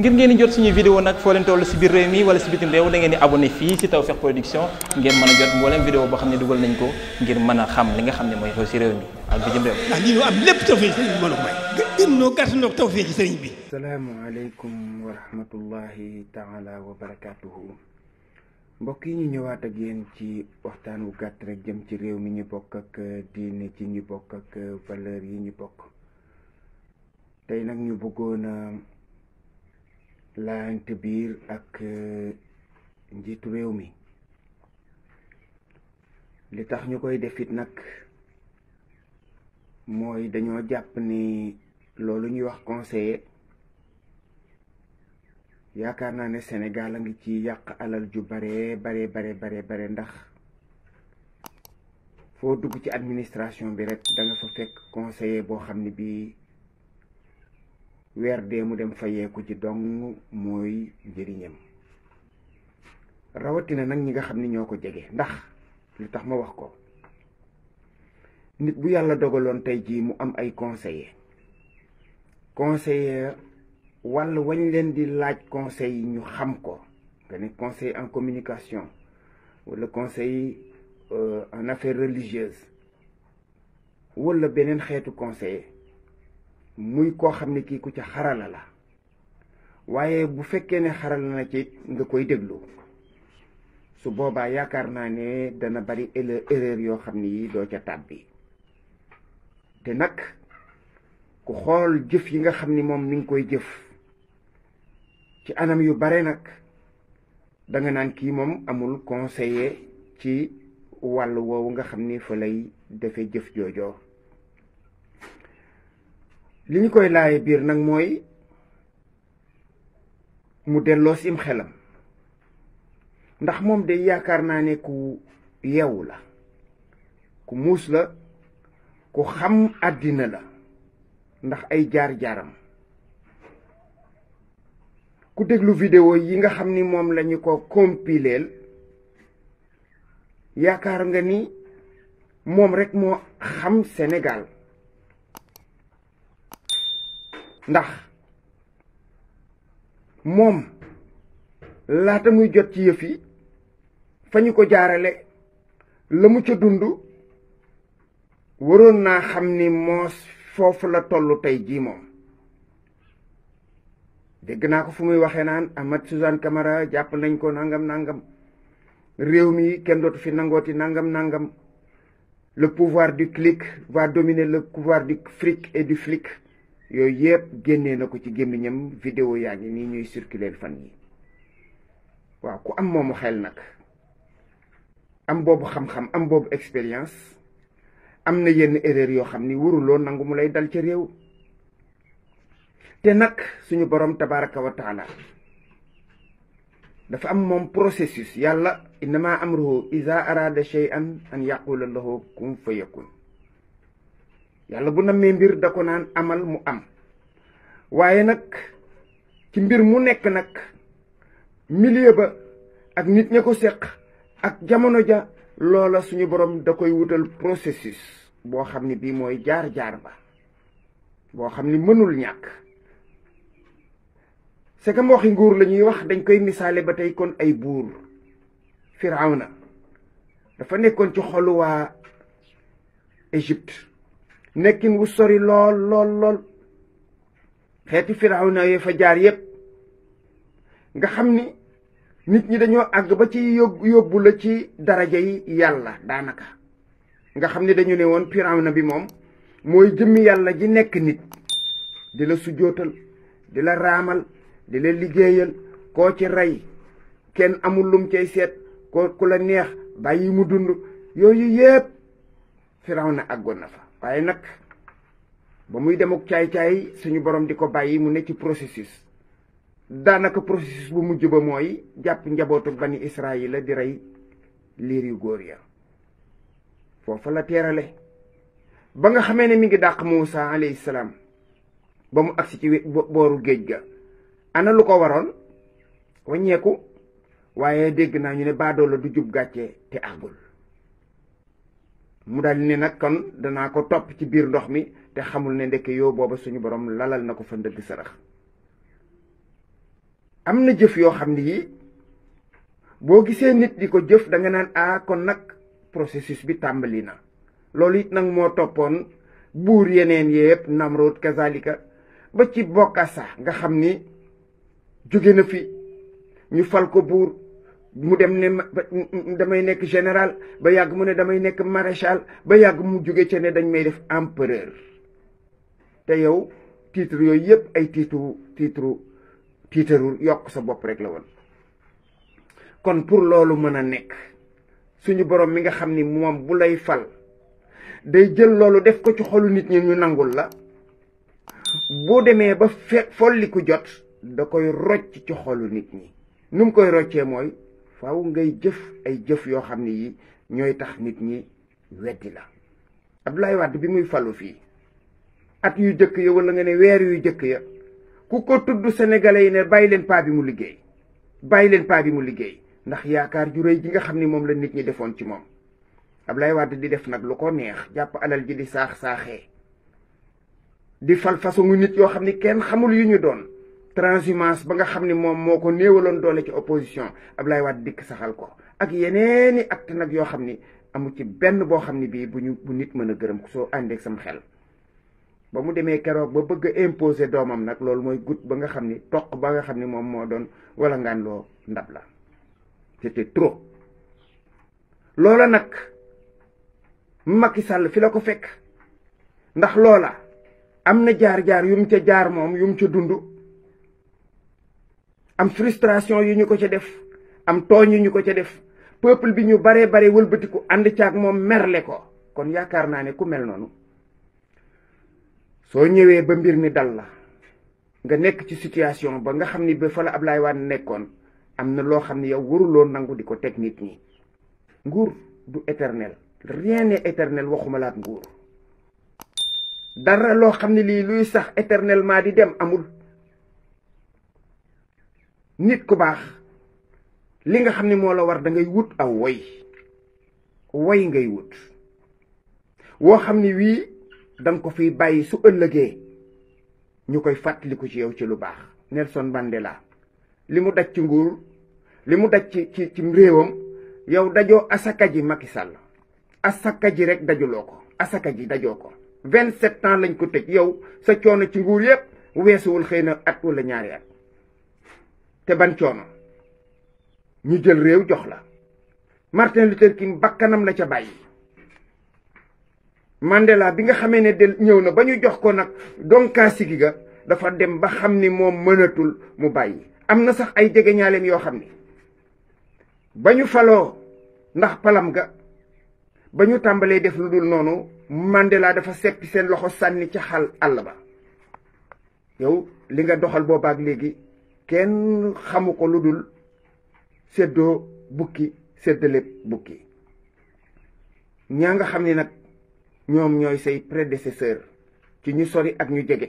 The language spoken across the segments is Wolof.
ngir ngeen di jot suñuy vidéo nag foo leen toll si biir réew mi wala si bitim réew ko ngir mën a xam li nga xam ne mooy xew si réew mi ak bitim réew. bi mën a may. gën noo gàtt noo Tawfekh sëriñ bi. salaamaaleykum wa rahmatullahi taala mbokk yi ñu ñëwaat ak yéen ci waxtaan wu gàtt jëm ci réew mi ñu bokk ak euh, diine ci ñu bokk ak euh, valeur yi ñu bokk tey nag ñu bëggoon lant biir ak eh, njiitu réew mi li tax ñu koy def defit nag mooy dañoo jàpp ni loolu ñuy wax conseiller yaakaar naa ne senegaal a ngi ci yàq alal ju bare bare bare bare bare ndax foo dugg ci administration bi rek da nga fekk conseiller boo xam ne bii weer dee mu dem fayeeku ci dong mooy njëriñam rawatina nag ñi nga xam ni ñoo ko jege ndax lu tax ma wax ko nit bu yàlla dogaloon tey jii mu am ay conseil conseiller wàll wañ leen di laaj conseil yi ñu xam ko nga ne conseil en communication wala conseil euh, en affaires religieuse wala beneen xeetu conseiller muy koo xam ne kii ku ca xarala la waaye bu fekkee ne xarala na ci nga koy déglu su boobaa yaakaar naa ne dana bari erreur yoo xam ne yi doo ca tàbbi te nag ku xool jëf yi nga xam ni moom mi ngi koy jëf ci anam yu bare nag danga naan kii moom amul conseiller ci wàll woowu nga xam ni fa lay defe jëf joojoo li ñu koy laaye biir nag mooy mu delloo sim xelam ndax moom de yaakaar naa ne ku yeewu la ku muus la ku xam àddina la ndax ay jaar-jaaram ku déglu vidéo yi nga xam ni moom lañu ko compileel yaakaar nga ni moom rekk moo xam senegaal ndax moom laata muy jot ci yëf yi fa ñu ko jaarale la mu ci dund waroon naa xam ni moos foofu la tollu tey jii moom dégg naa ko fu muy waxee naan Amath Suzanne Camara jàpp nañ ko nangam nangam réew mi kenn dootu fi nangooti nangam nangam le pouvoir du clic va dominer le pouvoir du fric et du flic yooyu yëpp génnee na ko ci gémmiñam vidéo yaa ngi nii ñuy circuler fan yi waaw ku am moomu xel nag am boobu xam-xam am boobu expérience am na yenn erreur yoo xam ni waruloo nangu mu lay dal ci réew te nag suñu borom tabaraka wa dafa am moom processus yàlla innama amruhu iza arada shay'an an yaqula lahu kun fayakun yàlla bu nammee mbir da ko naan amal mu am waaye nag ci mbir mu nekk nag milieu ba ak nit ña ko seq ak jamono ja loola suñu borom da koy wutal processus boo xam ni bii mooy jaar-jaar ba boo xam ni mënul ñàkk c'est que waxi nguur lañuy wax dañ koy misaale ba tey kon ay buur na dafa nekkoon ci xolu waa Égypte nekkin wu sori lool lool lool xeeti firawna yee fa jaar yépp nga xam ni nit ñi dañoo àgg ba ci yóbbu yóbbu la ci daraja yi yàlla daanaka nga xam ni dañu ne woon na bi moom mooy jëmm yàlla ji nekk nit di la sujootal di la raamal di la liggéeyal koo ci rey kenn amul lum cay seet ko ku la neex bàyyi mu dund yooyu yépp na àggoon na fa waaye nag ba muy dem ak caay-caay suñu borom di ko bàyyi mu ne ci processus daanaka processus bu mujj ba mooy jàpp njabootu ba bani Israayila di rey liir yu góor ya foofa la teerale ba nga xamee ne mi ngi dàq Muusa alayhi salaam ba mu agsi ci booru géej ga ana lu ko waroon waññeeku waaye dégg naa ñu ne baadoola du jub gàcce te àggul mu daal ni nag kon danaa ko topp ci biir ndox mi te xamul ne ndeke yoo booba suñu borom lalal na ko fa ndëgg sërëx am na jëf yoo xam ne yi boo gisee nit di ko jëf danga naan a ah, kon nag processus bi tàmbali na loolu it nag moo toppoon buur yeneen yépp Namrod kazalika ba ci bokka sax nga xam ni jóge na fi ñu fal ko buur mu dem ne damay nekk général ba yàgg mu ne damay nekk maréchal ba yàgg mu jóge ca ne dañ may def empereur te yow titre yooyu yëpp ay titre titre titre yokk sa bopp rek la woon kon pour loolu mën a nekk suñu borom mi nga xam ni moom bu lay fal day jël loolu def ko ci xolu nit ñi ñu nangul la boo demee ba fe jot da koy rocc ci xolu nit ñi nu mu koy roccee mooy faaw ngay jëf ay jëf yoo xam ne yi ñooy tax nit ñi weddi la Abdoulaye Wade bi muy falu fii at yu jëkk ya wala nga ne weer yu jëkk ya ku ko tudd sénégalais yi ne bàyyi leen paa bi mu liggéey bàyyi leen paa bi mu liggéey ndax yaakaar ju rëy ji nga xam ni moom la nit ñi defoon ci moom lay Wade di def nag lu ko neex jàpp alal ji di saax saaxee di fal façon nit yoo xam ni kenn xamul yu ñu doon transhumance ba nga xam ne moom moo ko néewaloon doole ci opposition Ablaye Wade dikk saxal ko ak yeneeni acte nag yoo xam ni amu ci benn boo xam ne bii bu ñu bu nit mën a gërëm soo àndeek sam xel ba mu demee keroog ba bëgg a doomam nag loolu mooy gut ba nga xam ni toq ba nga xam ni moom moo doon wala ngaan loo ndab la c'était trop loola nag Macky Sall fi la ko fekk ndax loola am na jaar-jaar yu mu ca jaar moom yu mu ca dund am frustration yu ñu ko ca def am tooñ yu ñu ko ca def peuple bi ñu baree bare wëlbatiku ànd caag moom merle ko kon yaakaar naa ne ku mel noonu soo ñëwee ba mbir mi dal la nga nekk ci situation ba nga xam ni ba fa la Ablaye Wade nekkoon am na loo xam ne yow waruloo nangu di ko teg nit ñi nguur du éternel rien n'est éternel waxumalaat laat nguur dara loo xam ne lii luy sax éternellement di dem amul nit ku baax li nga xam ni moo la war da ngay wut aw woy woy ngay wut woo xam ne wii danga ko fiy bàyyi su ëllëgee ñu koy fàttaliku ci yow ci lu baax Nelson Mandela li mu daj ci nguur li mu daj ci ci ci réewam yow dajoo asaka ji Macky sàll asaka ji rek dajuloo ko asaka ji dajoo ko vingt-sept ans lañ ko tëj yow sa coono ci nguur yépp weesuwul xëy na at wala ñaari at te ban ñu jël réew jox la Martin Luther King bakkanam la ca bàyyi Mandela bi nga xamee ne del ñëw na ba ñu jox ko nag donkaa ga dafa dem ba xam ni moom mënatul mu bàyyi am na sax ay jegeñaaleem yoo xam ni ba ñu faloo ndax palam ga ba ñu tàmbalee def lu dul noonu Mandela dafa seppi seen loxo sànni ca xal àll ba yow li nga doxal boobaak léegi kenn xamu ko lu dul séddoo bukki lépp bukki ñaa nga xam ni nag ñoom ñooy say prédécesseur ci ñu sori ak ñu jege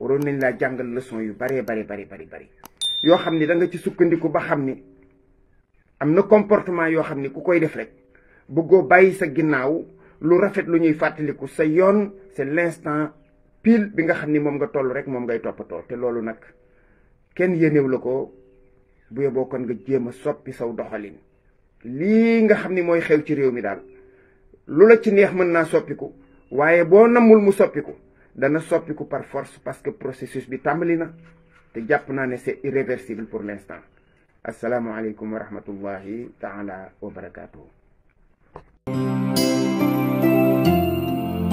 waroon nañ laa jàngal leçon yu baree bari bari bari bari yoo xam ni da nga ci sukkandiku ba xam ni am na comportement yoo xam ni ku koy def rek bëggoo bàyyi sa ginnaaw lu rafet lu ñuy fàttaliku sa yoon c'est l'instant pile bi nga xam ni moom nga toll rek moom ngay toppatoo te loolu nag kenn yéenew la ko bu yeboo kon nga jéem a soppi saw doxalin lii nga xam ni mooy xew ci réew mi daal lu la ci neex mën naa soppiku waaye boo namul mu soppiku dana soppiku par force parce que processus bi tàmbali na te jàpp naa ne c'est irréversible pour l'instant asalaamaaleykum wa rahmatullahi taala wa barakaatu.